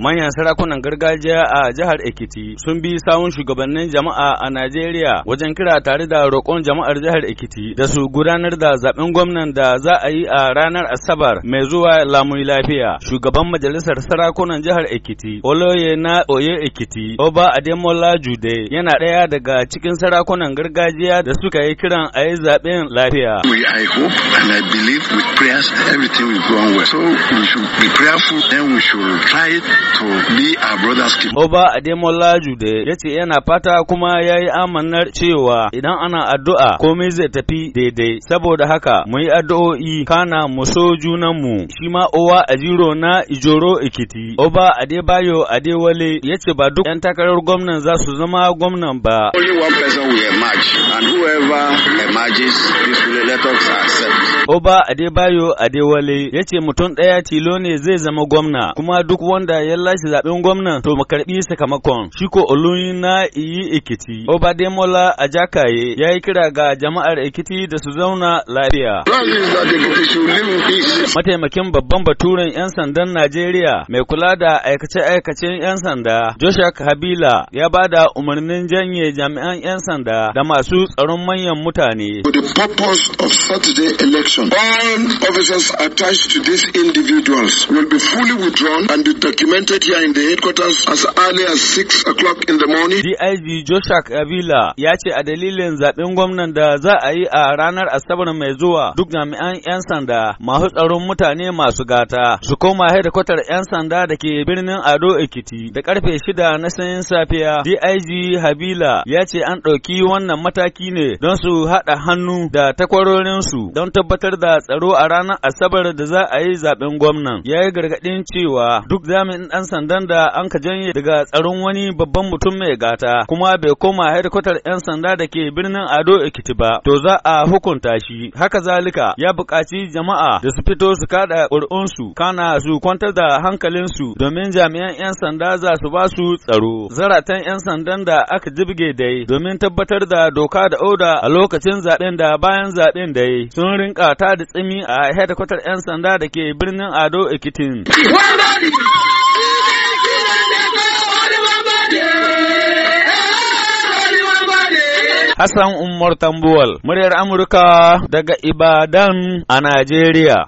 Manyan sarakunan gargajiya a jihar Ekiti sun bi sawun shugabannin jama'a a Najeriya wajen kira tare da roƙon jama'ar jihar Ekiti da su gudanar da zaben gwamnan da za a yi a ranar Asabar mai zuwa Lamun Lafiya. Shugaban majalisar sarakunan jihar Ekiti, Oloye na Oye Ekiti, Oba Ademola Jude yana ɗaya daga cikin sarakunan gargajiya da suka yi kiran a yi zaɓen lafiya. I hope and I believe with prayers everything will go on well. So we should be prayerful then we should try it. to be brother's Oba Ademola Jude ya ce yana fata kuma ya yi amanar cewa idan ana addu'a komai zai tafi daidai saboda haka mu yi addu'o'i kana mu so junanmu shi ma Owa Ajiro na Ijoro Ikiti. Oba Adebayo Adewale ya ce ba duk 'yan takarar gwamnan za su zama gwamnan ba. Only one person will and whoever emerges, this will let us accept. Oba Adebayo Adewale ya ce mutum ɗaya tilo ne zai zama gwamna kuma duk wanda ya lashe zaɓen gwamna to mu sakamakon. Shi ko Oluyin na iyi Oba Demola Ajakaye ya yi kira ga jama'ar Ekiti da su zauna lafiya. Mataimakin babban baturen 'yan sandan Najeriya mai kula da aikace-aikacen 'yan sanda Joshua Kabila ya ba da umarnin janye jami'an 'yan sanda da masu tsaron manyan mutane. For the purpose of Saturday election, all officers attached to these individuals will be fully withdrawn and be documented here in the headquarters as early as 6 o'clock in the morning. DIG Joshua Kabila ya ce a dalilin zaben gwamnan da za a yi a ranar Asabar mai zuwa duk jami'an 'yan sanda masu tsaron mutane masu gata su koma hedikwatar 'yan sanda da ke birnin Ado Ekiti da karfe shida na sanyin safiya DIG Habila ya ce an ɗauki wannan mataki mataki ne don su haɗa hannu da takwarorinsu don tabbatar da tsaro a ranar Asabar da za a yi zaɓen gwamnan. Ya yi gargaɗin cewa duk jami'in ɗan sandan da an ka janye daga tsaron wani babban mutum mai gata kuma bai koma hedkwatar 'yan sanda da ke birnin Ado Ekiti ba, to za a hukunta shi. Haka zalika ya buƙaci jama'a da su fito su kaɗa ƙuri'unsu kana su kwantar da hankalinsu domin jami'an 'yan sanda za su ba su tsaro. Zaratan 'yan sandan da aka jibge dai domin tabbatar da doka da oda a lokacin zaɓen da bayan zaɓen da yi sun rinka ta da tsimi a hedkwatar 'yan sanda da ke birnin Ado Ekitin. Hassan Umar Tambuwal, muryar Amurka daga Ibadan a Najeriya.